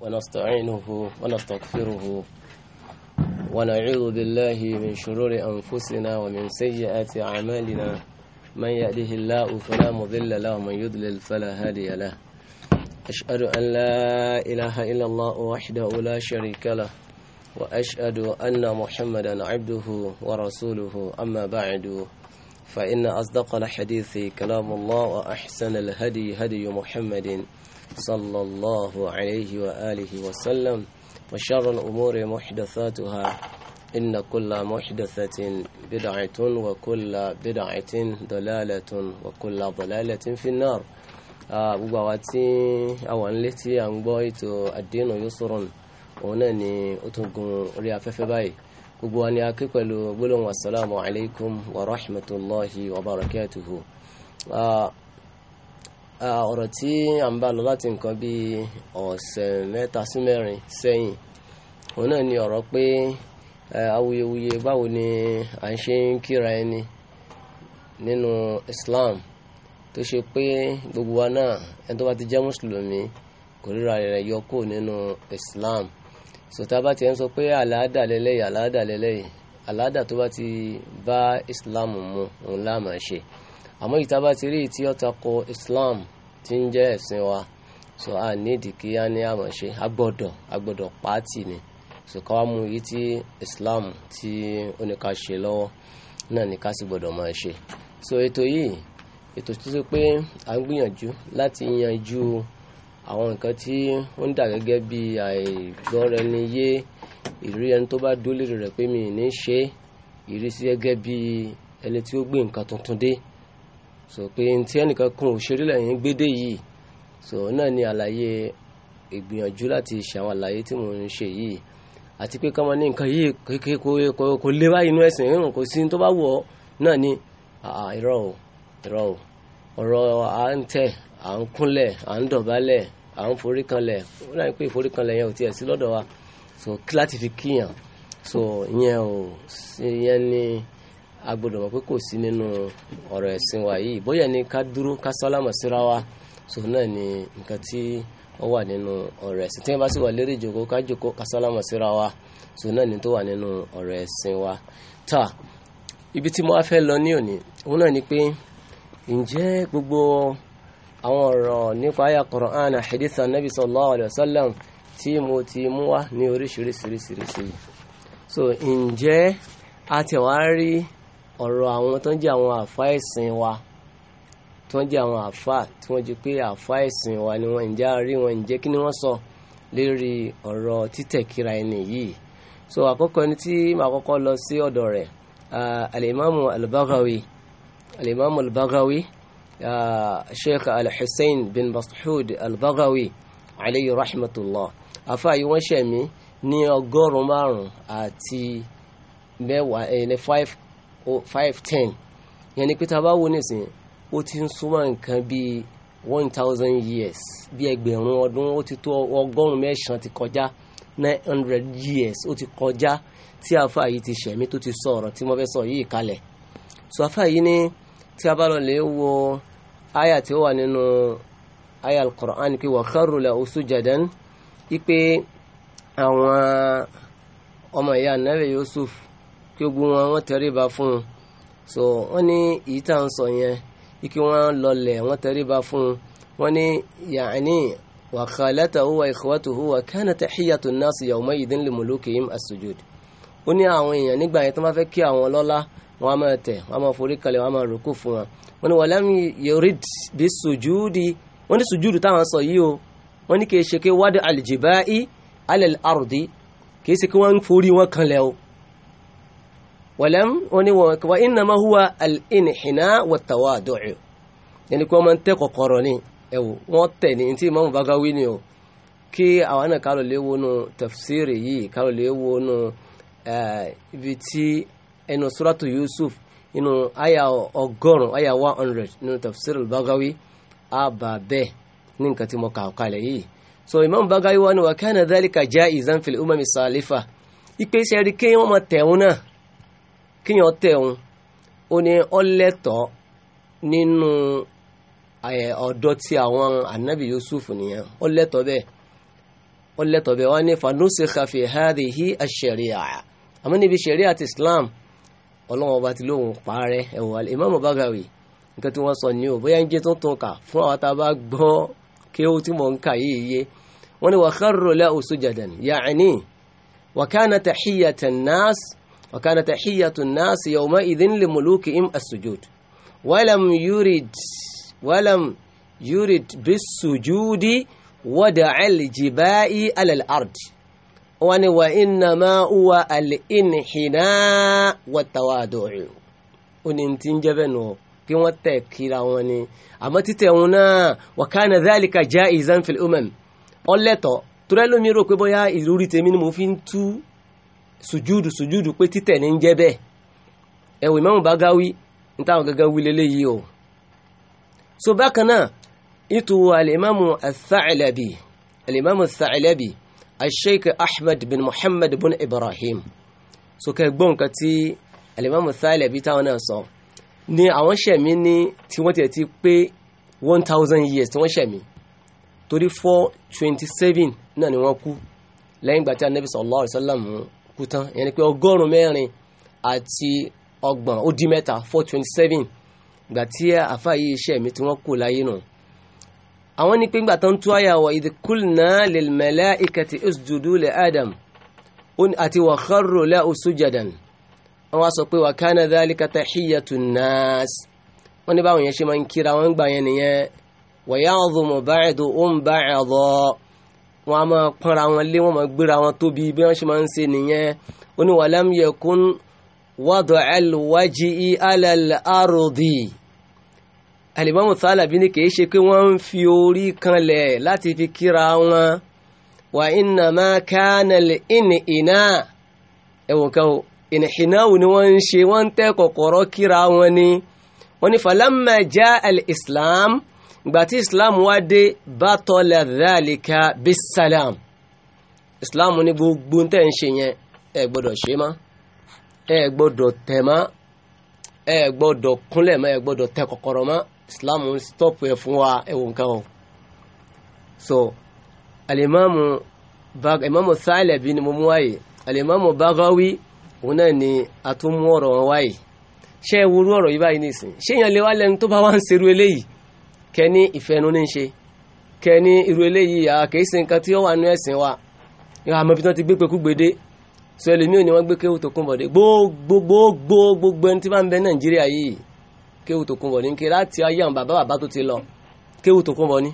ونستعينه ونستغفره ونعوذ بالله من شرور أنفسنا ومن سيئات أعمالنا من يهده الله فلا مضل له ومن يضلل فلا هادي له أشهد أن لا إله إلا الله وحده لا شريك له وأشهد أن محمدا عبده ورسوله أما بعد فإن أصدق الحديث كلام الله وأحسن الهدي هدي محمد صلى الله عليه وآله وسلم وشر الأمور محدثاتها إن كل محدثة بدعة وكل بدعة ضلالة وكل ضلالة في النار gbogbo àwa tí àwọn ilé tí a ń gbọ́ ètò àdéhùn yusrun òun náà ni ó tún gun orí afẹ́fẹ́ báyìí gbogbo wa ni a kí pẹ̀lú gbólóhùn asalaamu alaykum wa rahmatulahi wa barakatuhu ọ̀rọ̀ tí à ń bá lọ láti nǹkan bí ọ̀sẹ̀ mẹ́ta sí mẹ́rin sẹ́yìn òun náà ni ọ̀rọ̀ pé awuyewuye báwo ni à ń ṣe ń kíra ẹni nínú Islam tó ṣe pé gbogbo wa náà ẹni tó bá ti jẹ́ mùsùlùmí kò ríra rẹ̀ yọ kó nínú Islam sòtá bá ti ń sọ pé àlàádà lélẹ́yìí àlàádà lélẹ́yìí àlàádà tó bá ti bá Islam mu òun láà ṣe àmọ́ ìta bá ti rí tí ó tako Islam ti ń jẹ́ ẹ̀sìn wa so a nídìí kí a ní àmọ̀ṣe agbọ́dọ̀ agbọ́dọ̀ pàtì ni so ká wá mú èyí tí Islam tí ó ní ká ṣe lọ́wọ́ náà ní ká sì gbọ́dọ̀ máa ṣe so ètò yìí ètò tó ṣe pé a ń gbìyànjú láti yanjú àwọn nǹkan tí ó ń dà gẹ́gẹ́ bí àìgbọ́ra-ẹni-yé ìrírí ẹni tó bá dúró lérò rẹ̀ pé mi ní ṣe ìrísí gẹ́gẹ́ bí ẹni tí ó gbé nǹkan tuntun dé so pé ntí ẹnìkan kún òṣèré lẹ́yìn gbédè yìí so náà ni àlàyé ìgbìyànjú láti ṣe àwọn àlàyé tí mò ń ṣe yìí àti pé kọ́mọ ní nǹkan yìí kékeré kò lé báyìí inú ẹ̀sìn ìrùn kò sí tó bá wọ̀ ọ́ náà ni irọ́ o irọ́ o ọ̀rọ̀ à ń tẹ̀ à ń kúnlẹ̀ à ń dọ̀bálẹ̀ à ń foríkanlẹ̀ ó náà pé ìforíkanlẹ̀ yẹn ò tiẹ̀ sí lọ́dọ̀ wa so láti fi kíyàn so ìyẹn o ìyẹn ni. a gbọ́dọ̀ mọ̀ pé kò sí nínú ọ̀rọ̀ ẹ̀sìn wa yìí ni ká dúró ká so náà ni nǹkan tí ó wà nínú ọ̀rọ̀ ẹ̀sìn tí wọ́n bá sì wà lérí ìjòkó ká wa so náà ni tó wà nínú wa ta ibi tí mo wá lọ ní òní òun náà ni pé ǹjẹ́ gbogbo àwọn ọ̀rọ̀ nípa Qur'an àhìdísà nàbì sallallahu alayhi sallam tí mo ti mú wá ní oríṣiríṣiríṣiríṣi so ǹjẹ́ ọ̀rọ̀ àwọn tó ń jẹ́ àwọn àfa ẹ̀sìn wa tó ń jẹ́ àwọn àfa tí wọ́n jẹ́ pé àfa ẹ̀sìn wa ni wọ́n ń já rí wọn ń jẹ́ kí ni wọ́n sọ lérí ọ̀rọ̀ títẹ̀ kíra ẹni yìí so àkọ́kọ́ ẹni tí màá kọ́kọ́ lọ sí ọ̀dọ̀ rẹ̀ alimami albagawi alimami albagawi sheikh alhussein bin mas'ud albagawi aleyhi rahmatullah afa yìí wọ́n ṣẹ̀mí ní ọgọ́rùn-ún márùn-ún àti mẹ́wàá ẹni five five ten yẹn ni pé tá a bá wo nísìnyí ó ti ń súnmọ́ nǹkan bíi one thousand years bí ẹgbẹ̀rún ọdún ó ti tó ọgọ́rùn-ún mẹ́sàn-án ti kọjá nine hundred years ó ti kọjá tí afa yìí ti ṣẹ̀mí tó ti sọ ọ̀rọ̀ tí mo fẹ́ sọ yìí kalẹ̀ so afa yìí ni tí a bá lọ lè wo aya tí ó wà nínú aya al-Qur'an pé wa kharru lahu sujadan ipe àwọn ọmọ ìyá anabi Yusuf kí gbogbo wọn wọ́n tẹríba fún un so wọ́n ní èyí tá à ń sọ yẹn kí wọ́n lọlẹ̀ wọ́n tẹríba fún un wọ́n ní yaani wa khalatahu wa ikhwatuhu wa kana tahiyatu nasi yawmaidin li mulukihim as ó ní àwọn èèyàn nígbà yẹn tó máa fẹ́ kí àwọn ọlọ́lá wọn máa tẹ̀ wọn máa forí kalẹ̀ wọn máa rúkú fún wọn wọn ni wọ́n lẹ́nu bí sojúdi wọ́n ní sojúdi táwọn sọ yìí o wọ́n ní kì í ṣe kí wádìí alìjìbáì alẹ́ àrùdí kì í ṣe kí wọ́n forí wọn kanlẹ̀ o wọ̀lẹ́m oníwọ̀nkíwá innama huwa al-inhina wat-tawadu' yẹni kí wọ́n máa ń tẹ́ kọ̀kọ̀rọ̀ ni ẹ̀wò wọ́n tẹ̀ ní tí Imam Bagawi ni o kí àwọn náà kálọ̀ lè wọnú tafsiri yìí kálọ̀ lè wọnú ibi tí ẹnu suratu Yusuf inú àyà ọgọ́rùn-ún àyà one hundred nínú tafsiri Bagawi àbà bẹ́ẹ̀ ní nǹkan tí mo kà kalẹ̀ yìí so Imam Bagawi wọ́n ní wa kana dhalika jaizan fil umami salifa ipe iṣẹ́ rí kéwọn máa tẹ̀wọ́n náà kíyàn tẹ̀ òun ó ní ọlẹ́tọ̀ nínú ọ̀dọ́ tí àwọn anabi Yusuf nìyẹn ọlẹ́tọ̀ bẹ́ẹ̀ ọlẹ́tọ̀ bẹ́ẹ̀ wọ́n ní fanusikha fi hadhihi ash-sharia àmọ́ níbi sharia ti Islam ọlọ́wọ́n ọba ti lóun parẹ́ ẹ̀wọ̀ Imam Bagawi nǹkan tí wọ́n sọ ní o bóyá ń jẹ́ tó kà fún àwọn tá a bá gbọ́ kí ó tí mò ń kà yìí yé wọ́n ní wa kharru lahu sujadan ya'ni wa kana tahiyyatan nas وكان تحية الناس يومئذ لملوكهم السجود ولم يرد ولم يرد بالسجود ودع الجباء على الأرض وإنما هو الإنحناء والتواضع أن تنجبنه كم wọ́n tẹ̀ kíra wọn ni àmọ́ títẹ̀ wọn náà wàkánà dhalika jaizan fil umam ọlẹ́tọ̀ torẹ́lómi rò pé bóyá sujudu, sujudu pé títẹ̀ ní ń jẹ́ bẹ́ẹ̀ ẹ̀wọ̀n ìmáàmù Bagawi ń táwọn gẹ́gẹ́ wí lélẹ́yìí o. so bákan náà ìtòwò alimami al-Tha'labi alimami al-Tha'labi al-Sheikh bin Muhammad bin Ibrahim so kẹ́ gbọ́n nǹkan tí alimami al-Tha'labi táwọn náà sọ ni àwọn sẹ̀mí ní tí wọ́n ti ti pé one thousand years tí wọ́n sẹ̀mí torí four twenty seven náà ni wọ́n kú lẹ́yìn ìgbà tí anabi sallallahu alayhi wa sallam kú tán ìyẹn ni pé ọgọ́rùn-ún mẹ́rin àti ọgbọ̀n ó dín mẹ́ta four twenty seven ìgbà tí àfa yìí iṣẹ́ mi tí wọ́n kú láyé nù. àwọn ní pé ńgbà tán tú àyà wọ idh qulna lil malaikati usjudu li Adam àti wa kharru lahu sujadan wọ́n wá sọ pé wa kana dhalika tahiyyatun nas wọ́n ní báwọn yẹn ṣe máa ń kíra wọ́n ń gbà yẹn nìyẹn wa ya'dhumu ba'duhum ba'dha wọn a máa pọ́nra wọn lé wọn máa gbéra wọn tóbi bí wọ́n ṣe máa ń ṣe nìyẹn ó ní wàlám yakun wàdọ̀ ẹlùwájì alàlárọ̀dì alìbámu sálàbí ni kì í ṣe pé wọ́n ń fi orí kanlẹ̀ láti fi kíra wọn wà iná máa kánàlì ìní ìná ẹ̀wọ̀n kan ìní ìnáwó ni wọ́n ń ṣe wọ́n ń tẹ́ kọ̀kọ̀rọ̀ kíra wọn ni wọ́n ní falamma já al-islam gbàtí islam wá dé bátọ́lá dhalika bisalam islam ní gbogbo tẹ́ ń ṣe yẹn ẹ gbọ́dọ̀ ṣe má ẹ gbọ́dọ̀ tẹ̀ má ẹ gbọ́dọ̀ kúnlẹ̀ má ẹ gbọ́dọ̀ tẹ kọ̀kọ̀rọ̀ má islam ń stọ́pù ẹ fún wa ẹ wò nǹkan o so alimamu, bag imamu Thalabi ni mo mú wáyé alimami Bagawi òun náà ni atúmú ọ̀rọ̀ wọn wáyé ṣé ewúrú ọ̀rọ̀ yìí báyìí nìsín ṣé èèyàn lè wá lẹ́nu tó bá wá ń serú eléyìí kẹ́ni ìfẹ́nu ní ṣe kẹ́ni irú eléyìí àkèésí nǹkan tí ó wà nú ẹ̀sìn wa àmọ́ ibi tí wọ́n ti gbé pé kúgbèdé sọ ẹlòmíì ni wọ́n gbé kéwù Tókunbọ̀dé gbogbogbò gbogbo ẹni tí bá ń bẹ Nàìjíríà yìí kéwù Tókunbọ̀dé nké láti ayé àwọn bàbá bàbá tó ti lọ kéwù Tókunbọ̀dé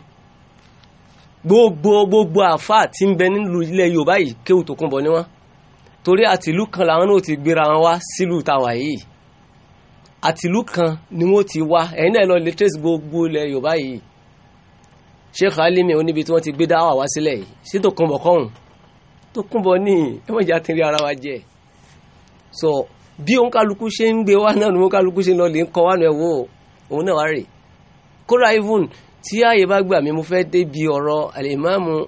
gbogbogbò àfa tí ń bẹ nílùú ilẹ̀ Yorùbá yìí kéwù Tókunbọ̀dé wọn torí àtìlú kan làwọn náà ti gbéra wọn wá sílùú tàwa yìí àtìlú kan ni wọ́n ti wá ẹ̀yin náà lọ lè trace gbogbo ilẹ̀ yorùbá yìí sheikh alimi oníbi tí wọ́n ti gbé dáwà wá sílẹ̀ yìí sí tó kúnbọ̀ kọ́hún tó kúnbọ̀ ní ẹ̀mọ̀jà tí ń rí ara wa jẹ́ so bí òun kálukú ṣe ń gbé wá náà ni òun kálukú ṣe ń lọ lè ń kọ́ wá náà wò òun náà wá rè kódà even tí ààyè bá gbà mí mo fẹ́ débi ọ̀rọ̀ alimami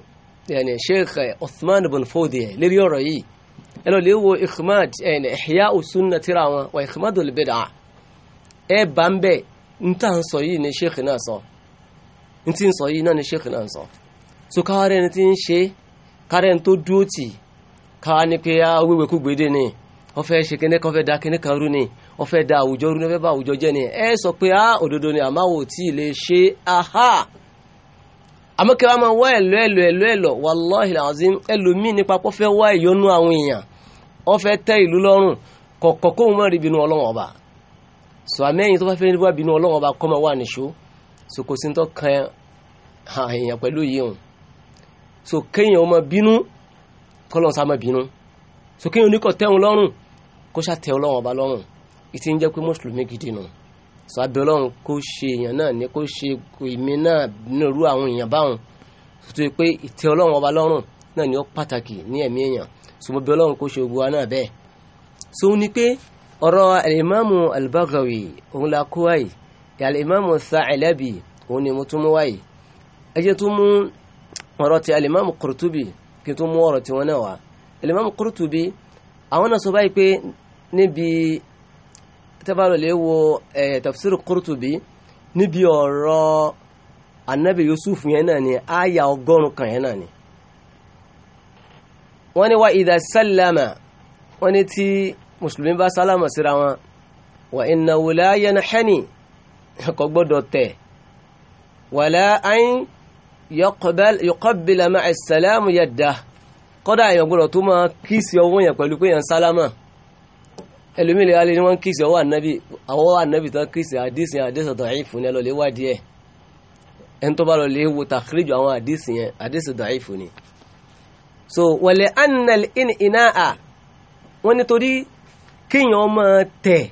yani sheikh Uthman ibn Fodio lérí ọ̀rọ̀ yìí ẹ lọ lè wo ikhmad ihya usunna tírà wọn wa ikhmadul bid'ah e bá nta bẹ̀ n tà ń sọ yìí ni sheikh náà sọ n tí ń sọ yìí náà ni sheikh náà sọ so káwárẹ́ ni ti ń ṣe káwárẹ́ ni tó dúró ni pé a ni da kíní kan ni wọ́n da ni wọ́n fẹ́ bá ni pé a òdodo ni a tí aha àmọ́ kí wọ́n máa wá ọba so amẹ́yìn tó bá fẹ́ wá bínú ọlọ́wọ́n bá kọ́ máa wà níṣó so kò sí ní tó kan èèyàn pẹ̀lú yìí hàn so kéèyàn ó máa bínú kọ́lọ́ sá máa bínú so kéèyàn oníkọ̀ tẹ́wọn lọ́rùn kó ṣàtẹ́ ọlọ́wọ́n bá lọ́rùn ìtì ń jẹ́ pé mùsùlùmí gidi nù so abẹ́ ọlọ́run kó ṣe èèyàn náà ní kó ṣe èmi náà nírú àwọn èèyàn báwọn so tó yẹ pé ìtẹ́ ọlọ́wọ́n bá lọ́rùn náà ni ó pàtàkì ní ẹ̀mí èèyàn so mo bẹ̀ ọlọ́run kó ṣe gbogbo wa náà bẹ́ẹ̀ so ní pé ọ̀rọ̀ alimamu albagawi òun la kó wáyé alimamu sa'ilabi òun ni mo tún mú wáyé ẹ jẹ́ tún mú ọ̀rọ̀ ti alimamu kurtubi kí tún mú ọ̀rọ̀ tiwọn náà wá alimamu kurtubi àwọn náà sọ báyìí pé níbi tábàlọ̀ lè wo tafsiru kurtubi níbi ọ̀rọ̀ anabi yusuf yẹn náà ni aya ọgọ́rùn kan yẹn náà ni wọ́n ní wa ìdá sálámà wọ́n ní ti mùsùlùmí bá sálámà síra wọn wà iná wòlá yẹn hẹ́nì kò gbọ́dọ̀ tẹ̀ wàlá ayin yọkọ̀bìlà máa ṣàlámù yẹ dá kọ́dà èèyàn gbọ́dọ̀ tó máa kíìsì ọwọ́ yẹn pẹ̀lú pé yẹn sálámà ẹlòmílẹ̀ alẹ́ ni wọ́n kíìsì ọwọ́ ànábì àwọn ànábì tán kíìsì àdísìn àdísìn da'if ni ẹlọ́lẹ̀ wádìí ẹ̀ ẹni tó bá lọ lè wo tàkìrìjù àwọn àdísìn yẹn àdísìn da'if ni. so wàlẹ̀ annal in iná kíyàn ọmọ tẹ̀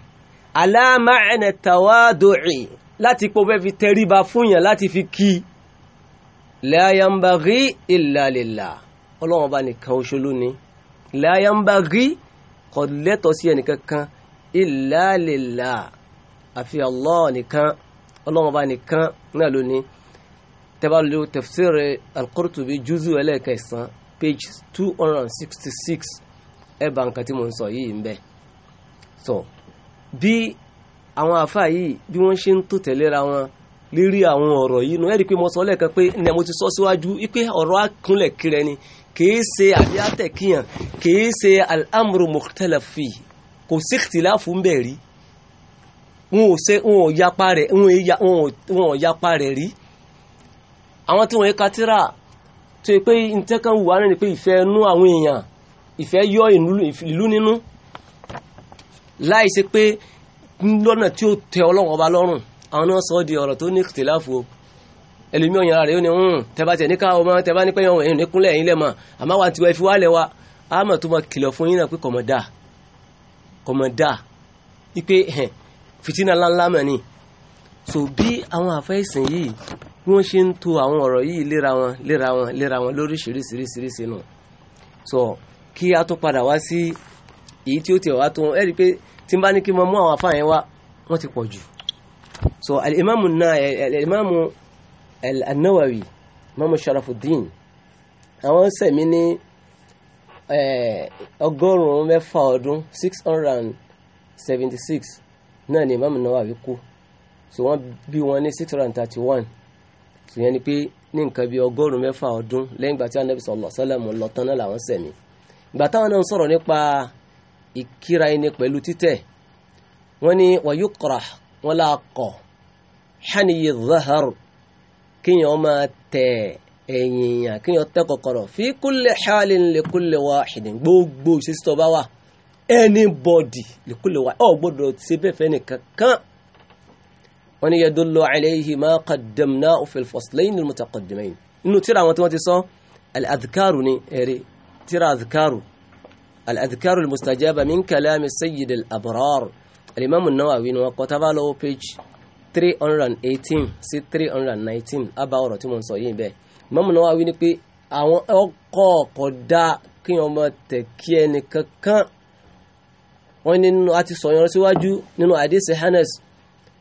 aláàmáàna tàwádùí láti pọ̀ fẹ́ fi tẹríba fúnyàn láti fi kí láyàmbàgí ìlàlèlà ọlọ́wọ́n bá nìkan oṣolú ni láyàmbàgí kò lẹ́tọ̀ sí ẹnìkankan ìlàlèlà àfi Allah nìkan ọlọ́wọ́n bá nìkan náà lónìí tẹ́bàlú tafsiri al júzù ẹlẹ́ẹ̀kẹsàn page two hundred and sixty six ẹ̀ bá nǹkan tí mo ń sọ yìí ń bẹ́ẹ̀ so bí àwọn àfáà yìí bí wọ́n ṣe ń tò tẹ̀léra wọn lérí àwọn ọ̀rọ̀ yìí nu ẹ̀rí pé mo sọ lẹ́ẹ̀kan pé ní mo ti sọ síwájú wípé ọ̀rọ̀ akúnlẹ̀ kiri ẹni kìí ṣe àbíátẹ̀ kíyàn kìí ṣe al-amru mukhtalafi kò sí ìtìláàfù ń bẹ̀ rí wọn ò ṣe wọn ò yapa rẹ̀ wọn ò yapa rẹ̀ rí àwọn tí wọ́n yẹ katira tó yẹ pé ntẹ́kàn wù wá rẹ̀ pé ìfẹ́ nú àwọn èèyàn ìfẹ́ yọ ìlú nínú láì ṣe pé lọ́nà tí ó tẹ ọlọ́run ọba lọ́rùn àwọn náà sọ ọ́ di ọ̀rọ̀ tó ní ìtìláfù o ẹlòmí ọ̀yàn rẹ̀ ó ní hùn hmm, tẹ́bá tẹ̀ níka ọmọ tẹ́bá ní pẹ́yàn ẹ̀yìn níkúnlẹ̀ ẹ̀yìn lẹ́mọ̀ àmọ́ wa tiwa ìfiwá lẹ̀ wa àmọ̀ tó mọ̀ kìlọ̀ fún yín náà pé kọ̀mọ̀dà kọ̀mọ̀dà wípé fìtínà ńláńlá mọ̀ ni so bí àwọn àfẹ́sìn yìí bí wọ́n ṣe ń to àwọn ọ̀rọ̀ yìí léra wọn léra wọn léra wọn lóríṣiríṣiríṣiríṣi nù so kí a tó padà wá sí èyí tí ó tiẹ̀ wá tó ẹ̀ rí pé tí n bá ní kí n mọ àwọn afá yẹn wá wọ́n ti pọ̀ jù so alimamu náà alimamu anawawi imamu sharafuddin àwọn sẹ̀mí ní ọgọ́rùn-ún mẹ́fà ọdún six hundred and seventy náà ni imamu nawawi kú so wọ́n bí wọn ní six so yẹn ni pé ní nǹkan bíi ọgọ́rùn-ún mẹ́fà ọdún lẹ́yìn ìgbà tí anabi sallallahu alaihi wasallam lọ tán náà làwọn sẹ̀mí ìgbà táwọn náà sọ̀rọ̀ nípa ìkíra ẹni pẹ̀lú títẹ̀ wọ́n ní wàyúkọ̀rà wọ́n là kọ̀ hàníyè zahar kínyàn ọmọ tẹ̀ ẹ̀yìnyàn kínyàn tẹ́ kọ̀kọ̀rọ̀ fi kulli halin li kulli wahidin gbogbo ìṣesí bá wà anybody li kulli wahid ọ̀ gbọ́dọ̀ ṣe bẹ́ẹ̀ fẹ́ nìkan kan wọ́n ní yadullu alayhi ma qaddamnahu fil faslayn al mutaqaddimayn inú tíra àwọn tí wọ́n ti sọ al ni ẹ̀rí tíra adhkaru الأذكار المستجابة من كلام السيد الأبرار الإمام النووي وكتب له page 318 sí 319 abá ọ̀rọ̀ tí mo ń sọ yìí bẹ́ẹ̀ ìmọ̀mù náà wá wí ni pé àwọn ọkọ̀ ọ̀kọ̀ dá kí wọ́n mọ̀ tẹ̀ kí ẹnì kankan wọ́n nínú a ti sọ̀yàn síwájú nínú àdìsí Anas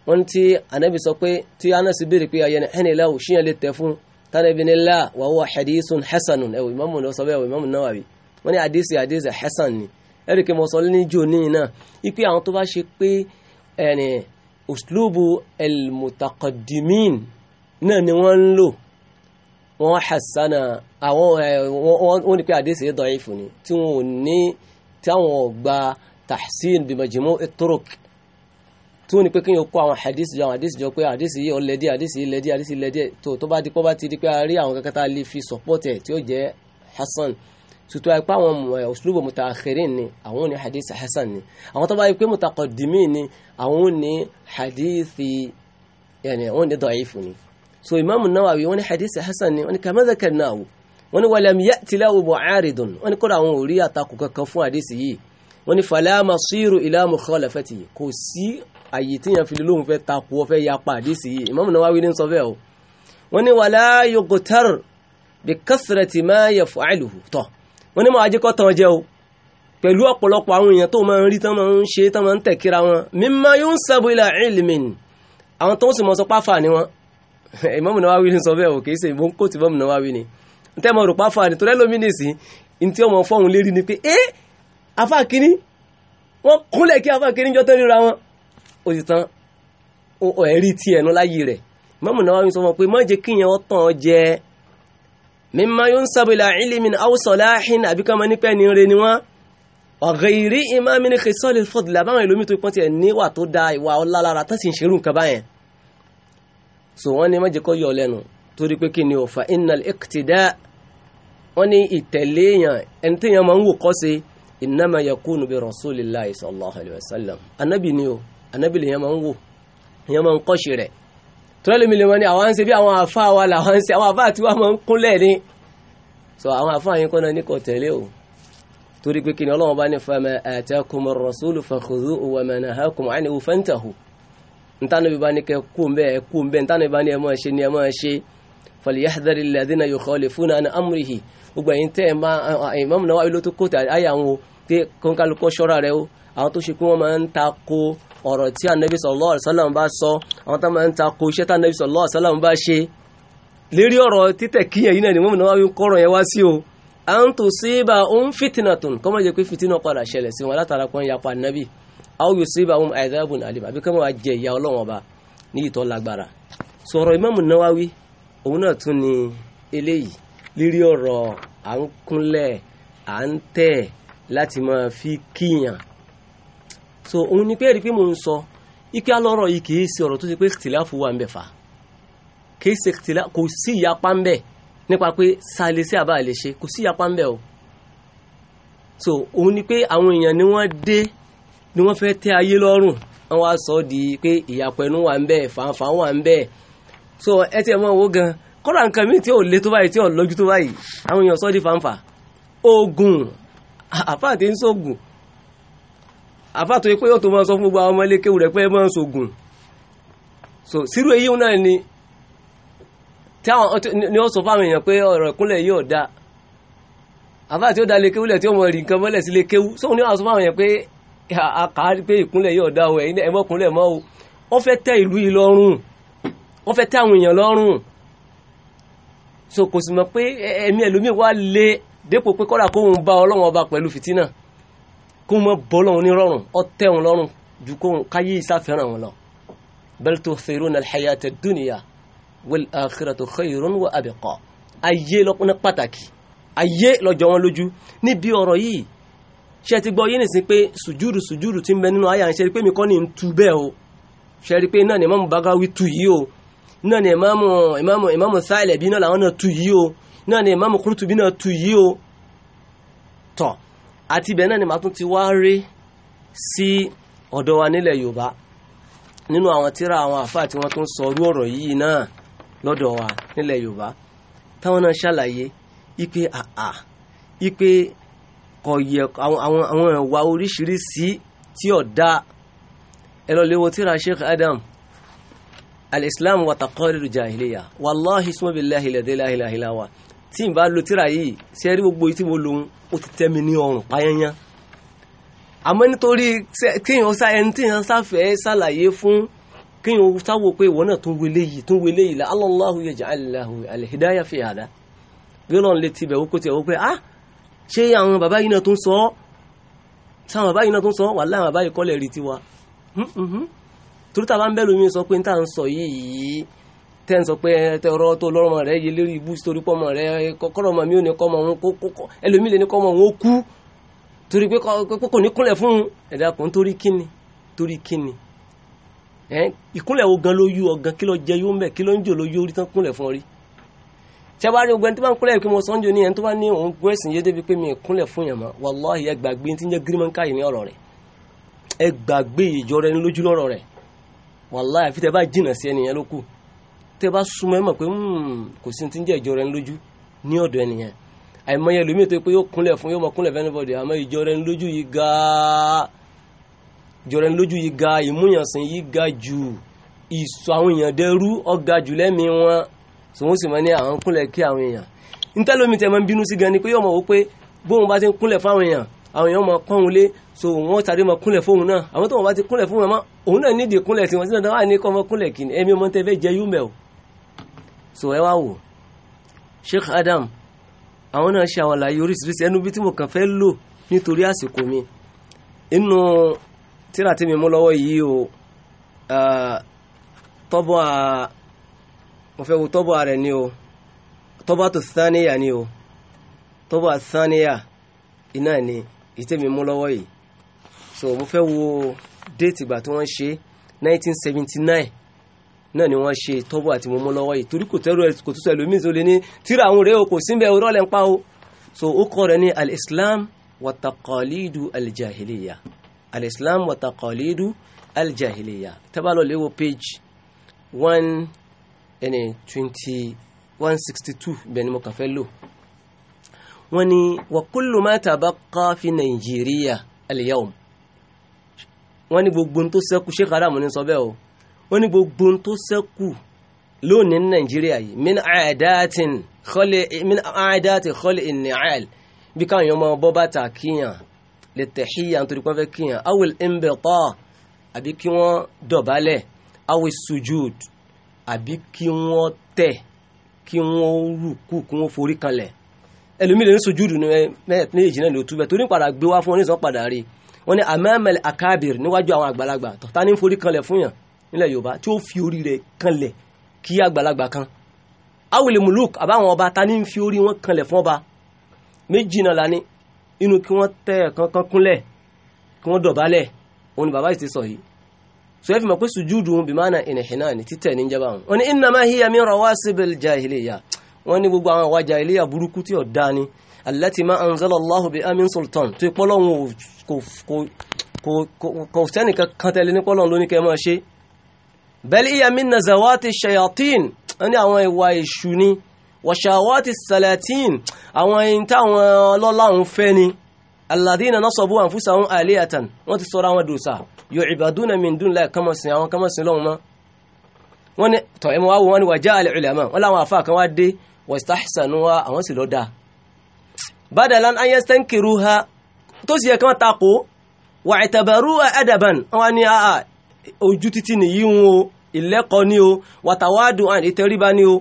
wọ́n ti anabi sọ pé tí Anas béèrè pé ayẹni ẹni lẹ́wọ̀ ṣíyàn lè tẹ̀ fún tánàbí ni lá wàá wà hadithun hasanun ẹ̀wọ̀ ìmọ̀mù náà sọ bẹ́ẹ̀ ìmọ̀mù náà wà wí wọ́n ní àdéhìsì àdéhìsì hasan ni ẹ̀ríkì mọ̀ sọ ní jòní náà ipe àwọn tó bá ṣe pé ẹ̀rìn uslubu elmutakadimin náà ni wọ́n ń lò wọ́n hasana àwọn wọ́n ní pé àdéhìsì yẹn dọ̀yìn fún ni tí wọ́n ò ní tí àwọn ọ̀gbà tahsin bimajimu etorok tí wọ́n ní pé kí yóò kó àwọn hadisi jọ àwọn hadisi jọ pé hadisi yìí ọlẹ́dí hadisi yìí lẹ́dí hadisi lẹ́dí tó tó bá di pọ́ bá ti di pé a rí àwọn kankan tá a lè fi sọ́pọ́tẹ̀ tí ó jẹ́ hasan tuntun eh, ayé pé àwọn ọ̀ṣunlùbọ̀ mutaakhirin ni àwọn ní hadith hasan ni àwọn tó bá yẹ pé mutaqaddimin ni àwọn ní hadith yẹni àwọn ní da'ifu ni so imaamu nawawi wọ́n ní hadith hasan ni wọ́n ní kama dhakarnahu wọ́n ní walam ya'ti lahu mu'aridun wọ́n ní kódà àwọn òrí àtakò kankan fún hadith yìí wọ́n ní fala masiru ila mukhalafatihi kò sí àyè tí yẹn fi lóhun fẹ́ takò ọ fẹ́ yapa hadith yìí imaamu nawawi ní sọ o wọ́n ní wala yuqtar bi kathrati ma yaf'aluhu tọ́ wọ́n ní mọ̀ ajíkọ́ tán jẹ́ o pẹ̀lú ọ̀pọ̀lọpọ̀ àwọn èèyàn tó máa ń rí tán máa ń ṣe tán máa ń tẹ̀kíra wọn mímọ yóò ń sẹ́bu ilẹ̀ ìlìmìn àwọn tó ń sì mọ sọ páfà ni wọn Imam Nawawi ní sọ bẹ́ẹ̀ o kìí ṣe ìbọn kò tí Imam Nawawi ni n tẹ́ mọ rò páfà ni torí lómi nìsí n tí ọmọ fọ́hún lérí ni pé ẹ́ eh, afa kínní wọ́n kúnlẹ̀ kí afa kínní jọ ríra wọn ó ti tán ẹ̀rí tiẹ̀ nú láyé rẹ̀ Imam Nawawi sọ fún ọ pé má jẹ́ kíyàn ọ tán ọ jẹ́ mímá yóò ń sábìlà ìlímin àwòsànláhìn àbíká máa nípa ẹni rẹ ni wọn ọ̀gẹ̀rì ìmáàmì ní kìsọ́ọ̀lì fọ́dùlà báwọn ìlú mi tó pọ́n tiẹ̀ níwà tó da ìwà ọ̀la lára tó sì ń ṣerú nǹkan báyẹn. so wọ́n ní májèkọ́ yọ lẹ́nu torí pé kí ni ò fa innal iqtida wọ́n ní ìtẹ̀lé èèyàn ẹni tí èèyàn máa ń wò innama yakunu bi rasulillahi sallallahu alayhi wa sallam ni o anábì lèèyàn máa ń wò èèyàn máa ń kọ́ṣe tọ́lẹ̀mí lè wọ́n ní àwọn ṣe bí àwọn àfá wa làwọn ṣe àwọn àfá tí wọ́n máa ń kúnlẹ̀ ní so àwọn àfá yín kọ́nà ní kò tẹ̀lé o torí pé kí ni ọlọ́wọ́n bá ní fama atakum ar-rasulu fakhudhuhu wa ma nahakum anhu fantahu ntánàbí bá ní kẹ kú mbẹ ẹ kú mbẹ ntánàbí bá ní ẹ máa ṣe ní ẹ máa ṣe falyahdhari alladhina yukhalifuna an amrihi gbogbo ẹ̀yin tẹ́ ẹ̀ máa ìmọ̀mù náà wáyé ló tó kó tà áyà wọn pé kọ́ńkálukọ́ ṣọ́ra rẹ o àwọn tó ṣe pé wọ́n máa ń ta ko ọ̀rọ̀ tí anabi sallallahu alaihi wasallam bá sọ àwọn tó máa ń takò iṣẹ́ tí anabi sallallahu alaihi bá ṣe lérí ọ̀rọ̀ títẹ̀ kíyàn yìí náà ni wọ́n náà wí kọ́rọ̀ yẹn wá sí o à ń tò sí ibà ń fìtìnà tún kọ́mọ jẹ́ pé fìtìnà padà ṣẹlẹ̀ sí wọn látara kan yapa anabi àwọn yóò sí ibà wọn àìdáàbò nàlẹ́ àbí kọ́mọ wa jẹ ìyá ọlọ́wọ́n ọba ní ìtọ́ lágbára sọ̀rọ̀ Imam so òun ni pé ẹ̀rí pé mò ń sọ ike alọ́rọ̀ yìí kì í ṣe ọ̀rọ̀ tó ṣe pé ìtìláfù wà ń bẹ̀ fà kì í ṣe kò sí ìyapa ń bẹ̀ nípa pé sa lè àbá lè ṣe kò sí ìyapa ń bẹ̀ o so òun ni pé àwọn èèyàn ni wọ́n dé ni wọ́n fẹ́ tẹ́ ayé lọ́rùn wọ́n wá sọ di pé ìyàpẹ̀nu wà ń bẹ̀ fàǹfà wà ń bẹ̀ so ẹ tiẹ̀ mọ̀ owó gan kọ́ra nǹkan mi tí ò le tó báyìí tí ò lọ́jú tó báyìí àwọn èèyàn sọ di fàǹfà oògùn àfáà ti ń sóògùn àfàtò yìí pé yóò tó máa sọ fún gbogbo àwọn ọmọlé kéwù rẹ̀ pé ẹ sògùn so sírú èyí náà ni tí àwọn ni ó sọ fáwọn èèyàn pé ọ̀rọ̀ ìkúnlẹ̀ yìí da àfàtò yóò da lè kéwù lẹ̀ tí ó mọ̀ rí nǹkan mọ́lẹ̀ sí lè kéwù sóhun ni wọ́n sọ fáwọn èèyàn pé àkà pé ìkúnlẹ̀ yìí ò da o ẹ̀yin ẹ mọ́kúnlẹ̀ mọ́ o wọ́n fẹ́ tẹ́ ìlú yìí lọ́rùn wọ́n fẹ́ tẹ́ àwọn èèyàn lọ́rùn so kò sì mọ̀ pé ẹ̀mí ẹlòmíì wá lé dépò pé kọ́ra kóhun bá ọlọ́wọ́n ọba pẹ̀lú fìtínà kó mọ bọ́lọ̀ ní rọrùn ọtẹ́ wọn lọ́rùn ju kó káyé ìsáfẹ́ràn wọn lọ bal tu'thiruna al-hayata ad-dunya wal-akhiratu khayrun wa abqa ayé lọ́kùnrin pàtàkì ayé lọ́jọ́ wọn lójú níbi ọ̀rọ̀ yìí ṣe ti gbọ́ yé nìsín pé sùjúrù sùjúrù ti ń bẹ nínú àyà ṣe rí pé mi kọ́ ni ń tu bẹ́ẹ̀ o ṣe rí pé náà ni Imam Bagawi tu yìí o náà ni Imamu Imamu Imamu Sa'labi náà làwọn náà tu yìí o náà ni Imamu Qurtubi náà tu yìí o tọ̀ àti ibẹ̀ náà ni màá tún ti wá rí sí ọ̀dọ̀ wa nílẹ̀ yorùbá nínú àwọn tíra àwọn àfáà tí wọ́n tún sọ orú ọ̀rọ̀ yìí náà lọ́dọ̀ wa nílẹ̀ yorùbá táwọn náà ṣàlàyé ipe àà ipe kọ̀yẹ àwọn ẹ̀wà oríṣiríṣi tí ọ̀dà ẹlọ́lẹ́wọ̀ tíra Sheikh Adam al-Islam wa taqariru jahiliya wallahi suma billahi la ilaha illa huwa tí n bá lo tíra yìí ṣe rí gbogbo tí mo lòun ó ti tẹ́ mi ní ọrùn páyányán àmọ́ nítorí kéèyàn sá ẹni téèyàn sáfẹ́ ṣàlàyé fún kéèyàn sáwò pé ìwọ náà tún wele yìí tún wele yìí la Allahu yaj'al lahu al-hidayah fi hada bí lọ́n lè tibẹ̀ ó kó tiẹ̀ ó pé ah ṣé àwọn bàbá yìí náà tún sọ ọ́ sáwọn bàbá yìí náà tún sọ ọ́ wallahi bàbá yìí kọ́lẹ̀ rí tiwa turuta ń bẹ́ẹ̀ lómi sọ pé n ta ń sọ yìí tẹ́ ń sọ pé ọ̀rọ̀ tó lọ́rọ̀ rẹ̀ yé lérí ibú torí pọ́ rẹ̀ kọ́rọ̀ ọmọ mi ò ní kọ́ ọmọ òun kókó ẹlòmíì lè ní kọ́ ọmọ òun ó kú torí pé kò ní kúnlẹ̀ fún ẹ̀dá kan torí kíni torí kíni ìkúnlẹ̀ wo gan ló yú ọ gan kí ló jẹ yó mẹ́ kí ló ń jò ló yó orí tán a bá rí ogun tó bá ń kúnlẹ̀ mo ní ẹni tó bá ní òun yé débi pé mi ìkúnlẹ̀ fún yàn mọ́ wàláhì tí ń jẹ́ gírímọ́ńkà yìí ní ọ̀rọ̀ rẹ̀ ìjọ rẹ ní lójú lọ́rọ̀ rẹ̀ wàláhì àfi tẹ́ bá jìnnà sí tẹ́ bá súnmọ́ ẹ mọ̀ pé hmm, kò sí ti ń jẹ́ ìjọ rẹ lójú ní ọ̀dọ̀ ẹnìyẹn àìmọye ẹlòmíì tó pé yóò kúnlẹ̀ fún yóò mọ kúnlẹ̀ fẹ́ni bọ̀dẹ̀ àmọ́ ìjọ rẹ lójú yìí ga ìjọ rẹ lójú yìí ga ìmúyànsìn yìí ga jù ìsọ àwọn èèyàn dẹrú ọ̀gá jù lẹ́mìí wọn sòwò sì mọ ní àwọn kúnlẹ̀ kí àwọn èèyàn ntẹ́lómi tẹ̀ máa ń bínú sí gan ni pé yóò mọ̀ wó pé bóun bá ti ń kúnlẹ̀ fáwọn èèyàn àwọn èèyàn máa kọ́ òun so wọ́n tàbí máa kúnlẹ̀ fóun náà àwọn tó wọn bá ti kúnlẹ̀ fóun náà òun náà nídìí kúnlẹ̀ tiwọn tí wọn dáhà ní kọ́ ọmọ kúnlẹ̀ kìíní ẹ̀mí ọmọ tẹ́ fẹ́ jẹ́ yúmẹ̀ o so ẹ wá wò Sheikh Adam àwọn náà ṣe àwọn àlàyé oríṣiríṣi ẹnu bí tí mo kàn fẹ́ lò nítorí àsìkò mi inú tíra tí mi mú lọ́wọ́ yìí o tọ́bọ̀ a mo fẹ́ wo tọ́bọ̀ rẹ̀ ni o tọ́bọ̀ tó sáníyà ni o tọ́bọ̀ sáníyà iná ni èyí mi mú lọ́wọ́ yìí so mo fẹ́ wo déètì ìgbà tí wọ́n ṣe 1979 náà ni wọ́n ṣe tọ́bọ̀ àti mọ́mọ́ lọ́wọ́ yìí torí kò tẹ́rù kò tún sẹ́lú mí zolé ní tíra àwọn rèé o kò sí bẹ́ẹ̀ rọ́ọ̀lẹ́ ń pa o so ó kọ́ rẹ̀ ní al-islam wa taqalidu al-jahiliya al léwo page one ẹni twenty one sixty two bẹ́ẹ̀ ni mo kàn fẹ́ lò wọ́n ní wa kullu ma tabaqa fi nàìjíríà al-yawm wọ́n gbogbo tó sheikh adam ní sọ bẹ́ẹ̀ o ó ní gbogbo tó sẹ́kù lónìí ní nàìjíríà yìí min àádáàtì kọ́lé ìnìyàl bí káwọn èèyàn máa bọ́ bàtà kíyàn lè tẹ̀híyà nítorí pé wọ́n fẹ́ kíyàn awil imbẹ̀tọ́ àbí kí wọ́n dọ̀bálẹ̀ awil sujud àbí kí wọ́n tẹ̀ kí wọ́n rùkú kí wọ́n forí kanlẹ̀ ẹlòmíì lè ní sojúdù ní méjì náà ló túbẹ̀ torí padà gbé wá fún wọn ní sọ padà rí wọn ní amẹ́mẹ́lẹ̀ akábìrì níwájú àwọn àgbàlagbà tọ́ta ní forí kanlẹ̀ fún yàn nílẹ̀ yorùbá tí ó fi orí rẹ̀ kanlẹ̀ kí àgbàlagbà kan awele muluk àbáwọn ọba ta ní fi orí wọn kanlẹ̀ fún ọba méjì náà la ní inú kí wọ́n tẹ ẹ̀kan kan kúnlẹ̀ kí wọ́n dọ̀bálẹ̀ òun ni bàbá yìí ti sọ yìí sọ ẹ́ fi mọ̀ pé sùjúdù wọn bí mánà ìnìhìnà ni títẹ̀ ní jẹba wọn. wọ́n ní innama hiya min rawaasibil jahiliya wọ́n ní gbogbo àwọn àwa jahiliya burúkú tí ò dáa ni allati ma anzala Allahu bi amin sultan tó ìpọ́lọ́ wọn kò sẹ́nìkan kan tẹ̀lé ní pọ́lọ́ lóníkẹ́ máa ṣe bal iya min nazawati shayatin ní àwọn ìwà èṣù ni wàṣàwátì salatin àwọn ẹyin táwọn ọlọ́lá ń fẹ́ ni alladina nasabu anfusahum aliyatan wọ́n ti sọ́ra wọn dòsà yu'ibaduna min dunillah kọmọsìn àwọn kọmọsìn lọ́wọ́ mọ́ wọ́n ní tọ̀ ẹmọ wá wọ́n ní wà ja'al ulama wọ́n láwọn àfáà kan wá dé wastahsanu wa àwọn sì lọ́ da badalan an yastankiruha tó sì yẹ kí wọ́n takò wa i'tabaruha adaban ojú títí nìyí ń o ìlẹ́kọ̀ọ́ ni o wàtàwádùn àti ìtẹríba ni o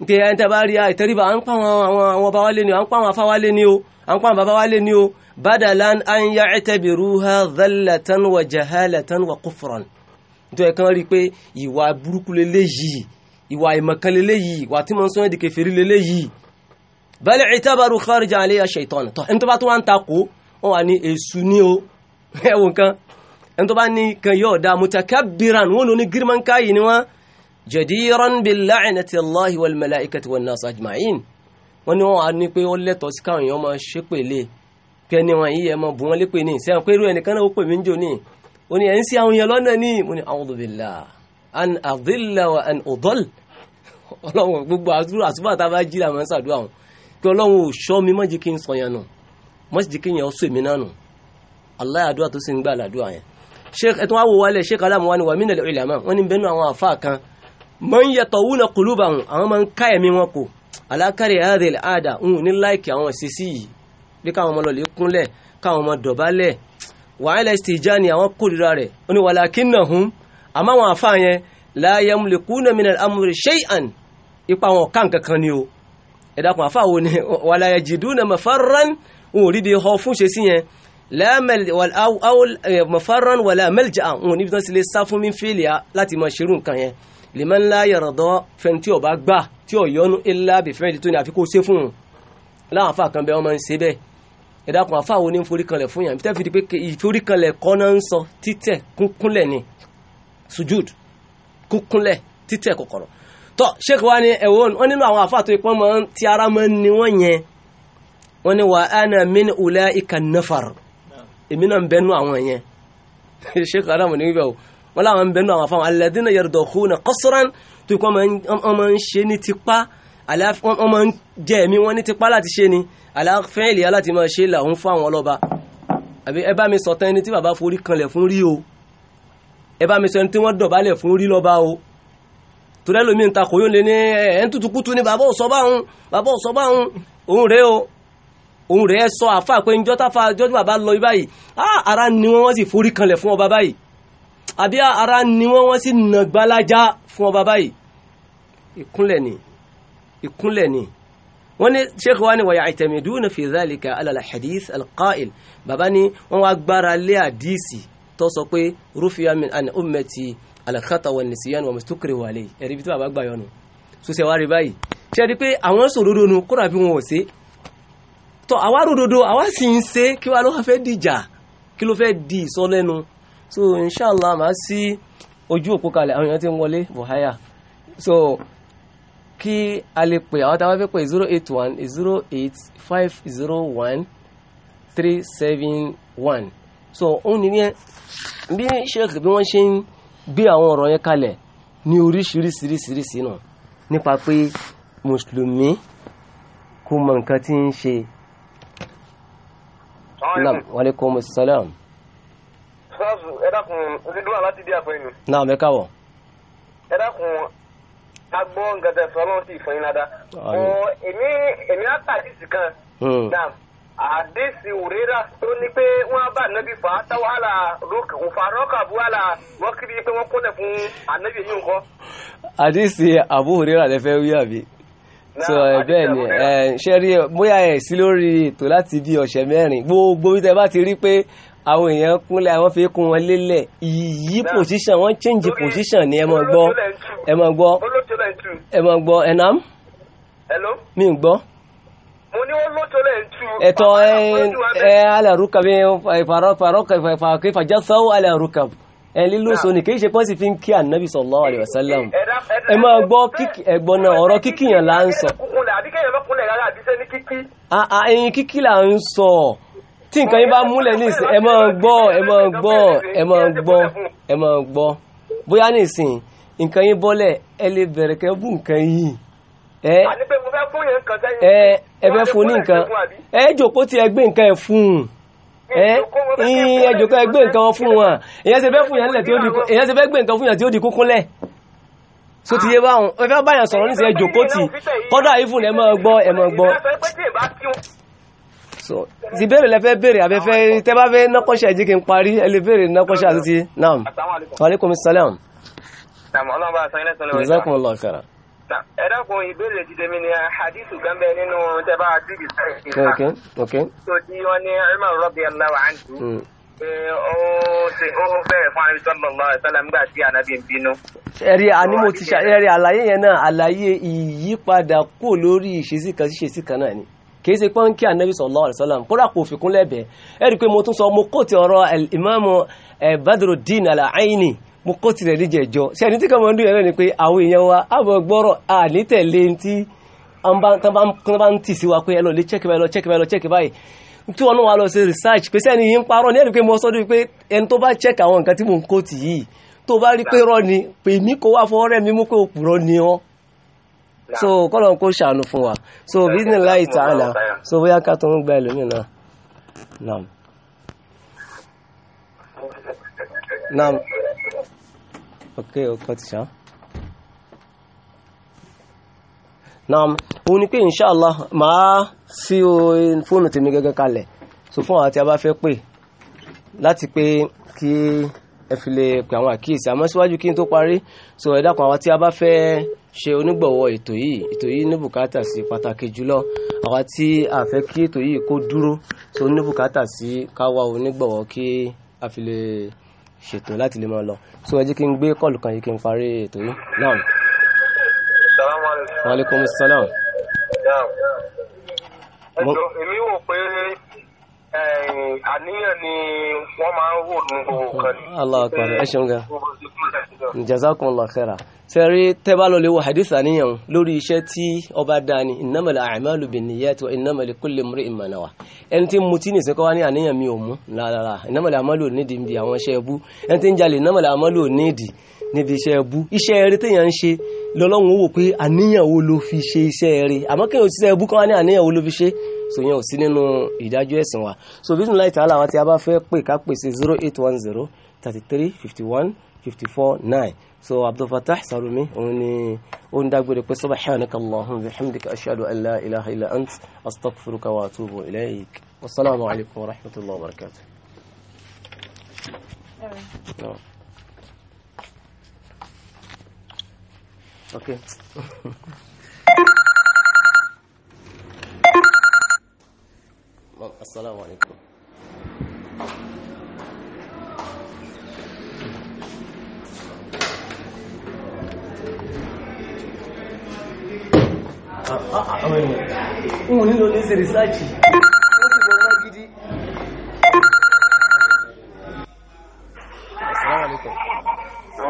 nke ẹni tẹ́ bá rí a ìtẹríba à ń pa àwọn àwọn ọba wálé ni o à ń pa àwọn afá wálé ni o à ń pa bàbá wálé ni o badalan an ya'tabiruha dhallatan wa jahalatan wa kufran nítorí kan rí i pé ìwà burúkú leléyìí ìwà ìmọ̀kan leléyìí ìwà tí mo ń sọ ẹ́ di kèfèrí leléyìí bal i'tabaru kharija alayha shaytan tọ́ ẹni tó bá tó wá ń takò wọ́n wà ní èṣù ni o ẹ̀wọ̀n kan ẹni tó bá ní kan yóò dá mutakabiran wọn ò ní girman káyì ni wọn jadiran bil la'nati Allahi wal malaikati wan nas ajma'in wọn ni wọn wà ní pé ó lẹ́tọ̀ọ́ sí káwọn èèyàn máa ṣe pèlè pé ẹni wọn yìí ẹ máa bù wọn lépè ní sẹ́yìn pé irú ẹnìkan náà ó pè mí ń jò ní ó ní ẹ̀ ń sí àwọn èèyàn lọ́nà an adilla wa an udall ọlọ́run gbogbo àtúbà tá a bá jí làwọn ń ṣàdúrà wọn pé ọlọ́run ò mi má jẹ́ kí n sọ yẹn nù má sì jẹ́ kí yẹn ó sọ ń gbà làdúrà yẹn sheikh ẹ̀tún wá wo wálẹ̀ sheikh alamu wani wa minal ulama wọ́n ní bẹ́nu àwọn àfa kan máa ń yẹtọ̀ wúna qulubahum àwọn máa ń ká ẹ̀mí wọn kò alákàrí adil ada ń ní láìkì àwọn sisi yìí bí káwọn ọmọ lọ́lẹ̀ kúnlẹ̀ káwọn ọmọ dọ̀bálẹ̀ wàhálà istijani àwọn kórìíra rẹ̀ ó ní walakinnahum àmọ́ àwọn àfa yẹn la yamlikuna minal amri shay'an ipa àwọn kan kankan ni o ẹ̀dá kan àfa wo ni wala yajiduna mafarran òun ò rí bí họ fún ṣe sí yẹn lẹ́mẹ̀lì mọ̀fárán wàlá mẹ́lìjà àwọn níbi tán sì lè sá fún mi fèlìyà láti mọ̀ ṣerú nǹkan yẹn lèmọ́ ńlá yàrọ̀dọ́ fẹ́ni tí ọba gbà tí ọ̀yọ́nu ilá bìfẹ́ ìdí tó ní àfikún ṣe fún un láwọn afa kan bẹ́ẹ̀ wọ́n máa ń ṣe bẹ́ẹ̀ ẹ̀dàkùn afa wo ni ń forí kanlẹ̀ fún yàn tẹ́ fi di pé ìforí kanlẹ̀ kọ́ náà ń sọ títẹ̀ kúnkúnlẹ̀ ni sujud kúnkúnlẹ̀ títẹ̀ kọ̀kọ̀rọ̀ tọ́ sheikh wa ni wọn nínú àwọn afa tó ipọ́n máa ti ara máa ni wọ́n yẹn wọ́n ni wà á na min ulaika nafar èmi náà ń bẹnu àwọn yẹn sheikh adamu ní wíwẹ̀ o wọn làwọn ń bẹnu àwọn afáwọn alladhina yardukhuna qasran tó kọ́ ọmọ ń ṣe ní tipa ọmọ ń jẹ́ ẹ̀mí wọn ní tipa láti ṣe ni aláfẹ́ ìlera láti máa ṣe làwọn fún àwọn ọlọ́ba àbí ẹ bá mi sọ tán ẹni tí bàbá forí kanlẹ̀ fún rí o ẹ bá mi sọ ẹni tí wọ́n dọ̀bálẹ̀ fún rí lọ́ba o torí ẹlòmíì ń ta kò lé ní ẹ̀ ẹ̀ ń tutukutu ni bàbá ò sọ báhùn bàbá ò sọ báhùn òun rèé o òun rẹ̀ sọ àfà pé njọ́ táfà jọ́jú bàbá lọ báyìí ara ni wọ́n wọ́n sì forí kanlẹ̀ fún ọba báyìí àbí ara ni wọ́n wọ́n sì nàgbàlájá fún ọba báyìí ìkúnlẹ̀ ni ìkúnlẹ̀ ni wọ́n ní sheikh wa ni wàyà àìtẹ̀mẹ̀dúnà fi dhalika alala hadith alqa'il bàbá ni wọ́n wá gbára lé àdíìsì tó sọ pé rufiya min an ummati alkhata wa nisiyan wa mustukri wa lay ẹ̀rí bí tí bàbá gbà yọnu sọ sẹ́wárí báyìí ṣe é di pé àwọn sòróró nu kóra bí wọn ò sí tọ àwa ròdòdó àwa sì ń ṣe kí wá ló fẹ́ dìjà kí ló fẹ́ di ìsọlẹ́nu so inshallah màá sí ojú òpó kalẹ̀ àwọn èèyàn ti ń wọlé buhaya so kí a lè pè àwọn táwọn fẹ́ pè zero eight one zero eight five zero one three seven one so òun nìyẹn bí sheikh bí wọ́n ṣe ń gbé àwọn ọ̀rọ̀ yẹn kalẹ̀ ní oríṣiríṣiríṣiríṣi náà nípa pé mùsùlùmí kò mọ nǹkan tí ń ṣe naam waaleykum salaam. sọ́ọ̀sù ẹ dákun ojúdúrà láti dí àfẹ́ ni. naam ẹ káwọ̀. ẹ dákun agbọ́ gẹ̀dẹ̀ sọ́lọ́ sí ìfọyín ládàá. ọ èmi èmi àtàdísì kan. Hmm. naam àdéhìsì òrèrà tó ní pé wọ́n bá ànábì fà á tá wàhálà òfàrọ́kà bú wàhálà wọ́n kiri pé wọ́n kọ́lẹ̀ fún ànábì yìí nǹkan. àdéhìsì àbúhùrẹ́rà lẹ fẹ́ wí àbí so bẹ́ẹ̀ ni ṣe rí bóyá ẹ̀ sí lórí ètò láti bí ọ̀sẹ̀ mẹ́rin gbogbo bí tẹ bá ti rí pé àwọn èèyàn kúnlẹ̀ àwọn fi kún wọn lélẹ̀ yí position wọ́n change position ni ẹ mọ̀ gbọ́ ẹ mọ̀ gbọ́ ẹ mọ̀ gbọ́ ẹ̀nàm mi gbọ́. mo ní wọn lóto lẹ ń tu. ẹ̀tọ́ ẹ ẹ alẹ́ rúkà bí farọ́ farọ́ kẹfà ẹ̀lí lóso ní kìí ṣe pọ́n sì fi ń kí ànábì sallallahu alaihi wasallam ẹ máa gbọ́ ẹ̀gbọ́n náà ọ̀rọ̀ kíkìyàn là ń sọ. ẹ̀yin kíkì là ń sọ tí nǹkan yín bá múlẹ̀ ní ìsìn ẹ máa gbọ́ ẹ máa gbọ́ ẹ máa gbọ́ ẹ máa gbọ́ bóyá ní nǹkan yín bọ́lẹ̀ ẹ lè bẹ̀rẹ̀ kẹ́ bú nǹkan yìí ẹ ẹ fẹ́ fún ní nǹkan ẹ jòkó tí ẹ gbé nǹkan ẹ fún un ẹjọ́ kan ẹgbẹ́ nǹkan fún wọn èyàn ṣe fẹ́ fún yàn nílẹ̀ tí ó di èyàn ṣe fẹ́ gbé nǹkan fún yàn tí ó di kúkún lẹ̀ so ti yé báwọn ẹ fẹ́ báyàn sọ̀rọ̀ níṣẹ́ ẹjọ́ kó tì kọ́dà ìfún ẹ máa gbọ́ ẹ máa gbọ́ so ti béèrè lẹ́fẹ́ béèrè abẹ́fẹ́ tẹ́ bá fẹ́ nọ́kọ́ṣà ìdí kí n parí ẹ lè béèrè nọ́kọ́ṣà àti ti naam aleykum salaam. Jazakumullahu khairan. ẹ̀dá kun ìbéèrè ti tẹ̀mí ni hadithu kan bẹ nínú tẹ́bà bíbí sẹ́yìn kan tó di wọn ní ẹ̀rọ rọ́bì aláwọ̀ àǹtí ó bẹ̀rẹ̀ fún àrùn sọ́lọ́lọ́ ìsọ́lá nígbà tí ànábì ń bínú. ẹ̀rí àlàyé yẹn náà àlàyé ìyípadà kò lórí ìṣesí kan sí ìṣesí kan náà ni kìí ṣe pọ́n kí ànábì kò lẹ́bẹ̀ẹ́ ẹ̀rí pé mo tún sọ mo kò ti ọ̀rọ̀ ìmáàmù mo kó tirẹ̀ díjẹ̀ jọ ṣe ẹni tí kò mọ̀ ń dùn yẹn náà ni pé àwọn èèyàn wa àbọ̀ gbọ́rọ̀ àní tẹ̀lé ti tán bá ń tì sí wa pé ẹ lọ lé chẹ́kì báyìí lọ chẹ́kì báyìí lọ chẹ́kì báyìí tí wọn náà wà lọ ṣe research pé sẹ́ni yìí ń parọ́ ní ẹ̀rí pé mo sọ́dún pé ẹni tó bá chẹ́kì àwọn nǹkan tí mò ń kó tì yìí tó bá rí pé rọ́ ni pè mí kó wá fọwọ́ rẹ̀ mi mú pé òpùrọ́ ni ọ́ so kọ́lọ̀ kó ṣàánú fún wa so business láì tààlà so bóyá ká tó ń gba ẹlòmíràn náà okay okay ti ṣan. naam òun ni pé inshallah màá sí fóònù tèmi gẹ́gẹ́ kalẹ̀ so fún àwọn tí a bá fẹ́ pè láti pé kí ẹ fi lè pè àwọn àkíyèsí àmọ́ síwájú kí n tó parí so ẹ dákun àwọn tí a bá fẹ́ ṣe onígbọ̀wọ́ ètò yìí ètò yìí ní bùkátà sí pàtàkì jùlọ àwa tí a kí ètò yìí kó dúró so ní bùkátà sí káwa onígbọ̀wọ́ kí a fi lè ṣètò láti lè máa lọ so ẹ jẹ́ kí n gbé kọ́ọ̀lù kan yìí kí n parí ètò yìí náà. salaamaleykum. waaleykum salaam. ẹjọ́ èmi wò pé àníyàn ni wọ́n máa ń wò ní gbogbo kan ní. Allahu akbar ẹ ṣeun gan jazakumullahu khaira sẹ́rí tẹ́bálọ́ lè wo hadith àníyàn lórí iṣẹ́ tí ọba dání innamal a'malu binniyati wa innama likulli imri'in ma nawa ẹni tí mutí ní ìsìnkọ́ wá ní àníyàn mi ò mú lára innamal a'malu nídìí níbi àwọn iṣẹ́ ẹbú ẹni tí ń jalè innamal a'malu nídìí níbi iṣẹ́ ẹbú iṣẹ́ eré téèyàn ń ṣe lọ́lọ́run ó wò pé àníyàn wo ló fi ṣe iṣẹ́ eré àmọ́ kéèyàn ṣiṣẹ́ ẹbú kan wá ní àníyàn wo ló fi ṣe so yẹn ò sí nínú ìdájọ́ ẹ̀sìn wa so bí nùláì tààlà àwọn tí a bá fẹ́ pè ká pè sí zero eight one zero thirty three fifty one fifty four nine so abdulfatah salumi òun ni ó ń dágbére pé subhanaka allahumma bihamdika ashhadu an la ilaha illa ant astaghfiruka wa atubu ilayk wasalaamu alaykum wa rahmatullahi wa barakatuh. No. Okay. السلام عليكم a'a wani wani ne research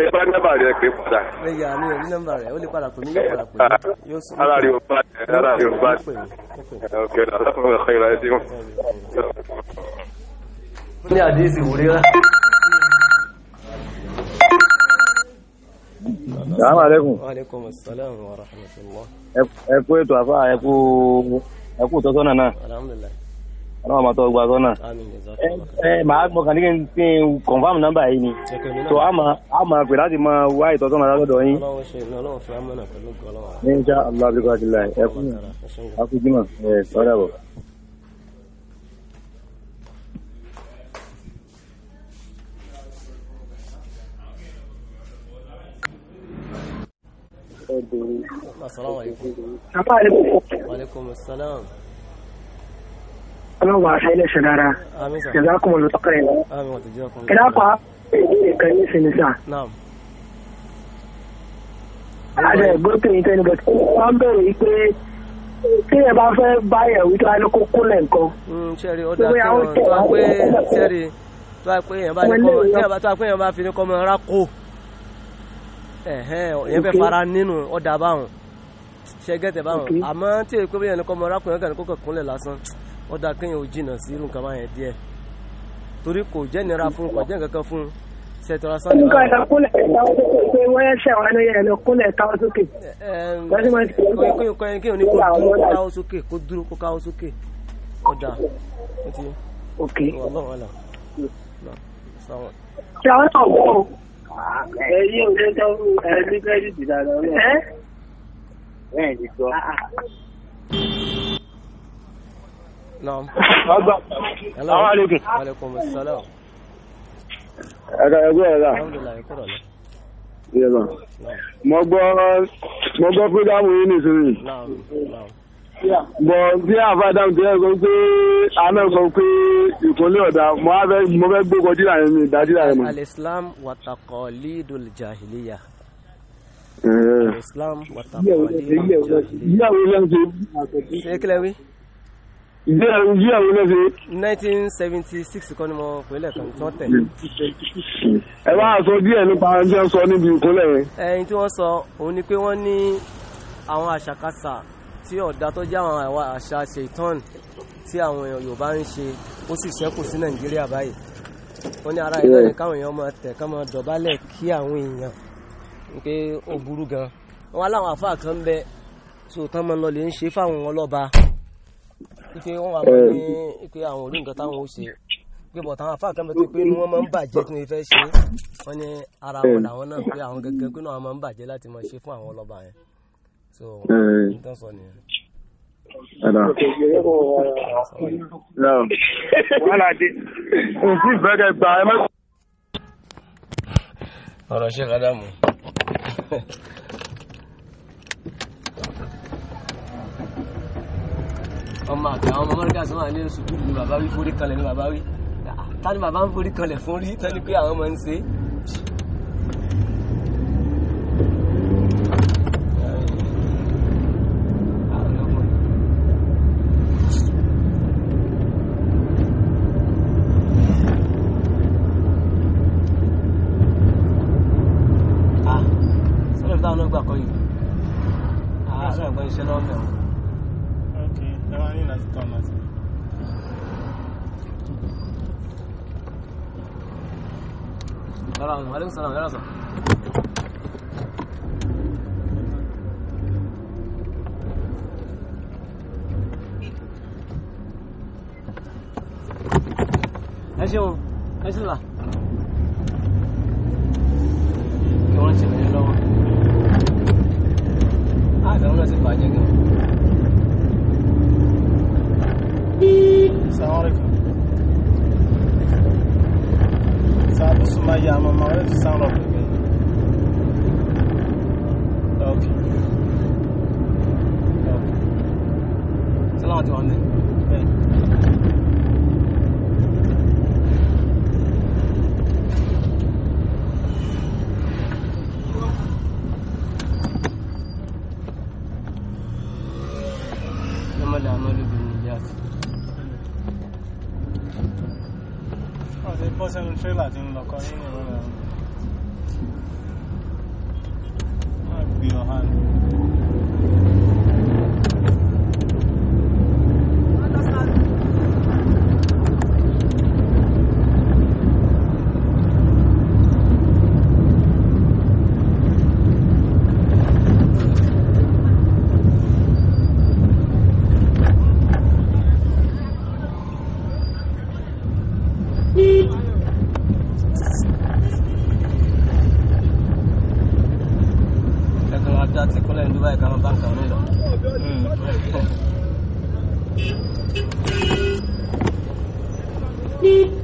ẹ bá nọ́mbà rẹ pé padà. ẹ yà á ní orí nọ́mbà rẹ ó lè padà pè mí yóò padà pè mí yóò sọ. ara rẹ ò bá ẹ ara rẹ ò bá ẹ ok na alákùnrin ọ̀sán ìlà ẹ̀sìn. ó ní àdéhìsì wúrí rẹ. salaam aleykum. wa aleykum salaam wa rahmatulah. ẹ kú ètò àfa ẹ kú ẹ kú tọ́sọ́nà náà. alhamdulilayi ọlọ́run máa tọ́ gba sọ́nà ẹ màá mọ kàn ní kí n confam nọ́mbà yìí ni tó a máa a máa pè láti máa wá ìtọ́sọ́nà lọ́dọ̀ yín. ní sá alábíkọ́ àtìlá ẹ fún mi akújímọ̀ ẹ sọ́dà bọ̀. Assalamu alaikum. Wa alaikum ọlọ́wọ́ aṣáílẹ̀ ṣe dára jẹ̀dá kọ́ mọ̀lú tọkẹrẹ lọ. kẹ́dá pa ìdílé kan ní sinmi sá. àṣẹ gbọ́dọ̀ yìí tẹ́ni bọ̀ wọ́n ń bẹ̀rẹ̀ yìí pé tí ẹ bá fẹ́ báyẹ̀ wí hmm, tó wá ní kókó lẹ̀ nǹkan. sẹ́ẹ̀rì ó dáa kí wọ́n tó to pé sẹ́ẹ̀rì tó wá pé èèyàn bá ní kọ́mọ tí èèyàn bá tó wá pé èèyàn bá fi ní kọ́mọ rárá kó èèyàn fẹ́ fara nínú ọ̀dà báwọn ṣẹ́gẹ́tẹ̀ báwọn àmọ́ tí èèyàn pé èèyàn ní kọ́mọ rárá kó èèyàn kàn kúnlẹ̀ lásán ó dáa kéèyàn ò jìnnà sí irú nǹkan báyẹn díẹ̀ torí kò jẹ́ nira fún kò jẹ́ nǹkan kan fún sẹ̀tọ̀rọ̀ sọ́ni. nǹkan ẹ̀ka kúnlẹ̀ táwọn sókè pé wọ́n yẹ ṣẹ̀wọ̀n ẹni yẹn lọ kúnlẹ̀ táwọn sókè. kọ́yìn kéèyàn ní kó dúró kó káwọ́ sókè kó dúró kó káwọ́ sókè ó dáa ó ti ọlọ́wọ́ là sáwọn. ṣé àwọn náà wọ̀ ọ́. ẹ̀yin ò lè tọ́ ẹ̀ẹ́dẹ́gbẹ́rì dìdà lọ́wọ́. ẹ̀ẹ́ naam. ọgbà àwọn àlejò. aleykum salaam. ẹ̀ka ẹ̀gbọ́n ẹ̀ka. alhamdulilayi kúrò lọ. yẹlọ mo gbọ́ mo gbọ́ fúdàmù yìí nìsín. bọ̀ bí àfàdàm ti ẹ̀ sọ pé àná sọ pé ìkúnlẹ̀ ọ̀dà mo fẹ́ gbókò dídà yẹn mi ìdá dídà yẹn mi. al-islam wa taqalidul jahiliya islam wa taqalidul jahiliya. ṣé kílẹ̀ wí ìgbéyàwó ìgbéyàwó náà ṣe. nineteen seventy six kọ́ ni mo pè lẹ́ẹ̀kan tí wọ́n tẹ̀. ẹ bá sọ díẹ̀ nípa ohun tí wọ́n sọ níbi ìkólẹ̀ yẹn. ẹyin tí wọ́n sọ òun ni pé wọ́n ní àwọn àṣàkáṣà tí ọ̀dà tó jẹ́ àwọn àṣà ṣèitán tí àwọn Yorùbá ń ṣe ó sì ṣẹ́kù sí Nàìjíríà báyìí wọ́n ní ara yìí náà káwọn èèyàn máa tẹ̀ ká máa dọ̀bálẹ̀ kí àwọn èèyàn pé ó burú gan wọn aláwọn àfáà kan bẹ tó tán máa lọ lè ń ṣe fáwọn ọlọ́ba pípé wọn wà mọ ní pé àwọn orí nǹkan táwọn ò ṣe pé bọ̀ táwọn afáà bẹ tó pé ni wọ́n máa ń bàjẹ́ tí wọ́n fẹ́ ṣe wọ́n ní ara wọn eh. làwọn náà pé àwọn gẹ́gẹ́ pé náà máa ń bàjẹ́ láti máa ṣe fún àwọn ọlọ́ba yẹn so eh. n tán sọ nìyẹn. Euh, ọ̀rọ̀ ṣe kádàmù. ọmọ àgbà ọmọ mọ́ríkà sọ́mà ní oṣù kúrò ní bàbá wí forí kanlẹ̀ ní bàbá wí tani bàbá ń forí kanlẹ̀ fún rí tani pé àwọn ọmọ ń ṣe é no Sumaya, I'm on the sound of it. Okay. Okay. Salaam alaikum. Yeah. 放心吧，老板。àti kúnlẹ̀ ní Dubai kan bá ń kàn lọ. Thank you.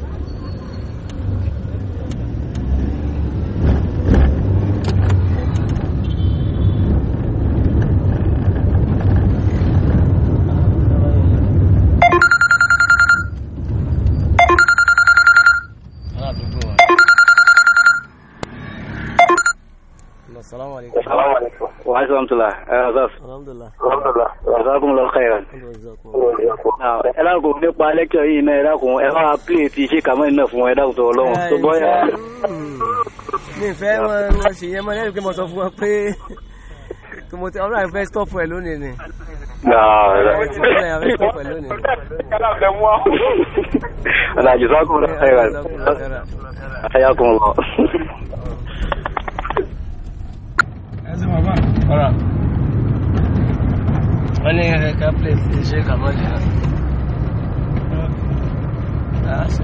rahmatulah ẹ̀rọ̀sọ́s. alhamdulilah. ẹ dákun nípa lẹ́kítọ̀ yìí náà ẹ dákun ẹ máa pílẹ̀ ti ṣe kàmọ́ iná fún ẹ dákun tó ọlọ́run tó bọ́ yà. Hmm. mi fẹ́ wọn ṣe yẹn mọ́ lẹ́yìn pé mo sọ fún wọn pé kí mo ti ọlọ́run fẹ́ stop ẹ lónìí ni. Ala jizakum khairan. Hayakum Allah. wọ́n ní ẹ̀ka place ṣe kàmọ́jà.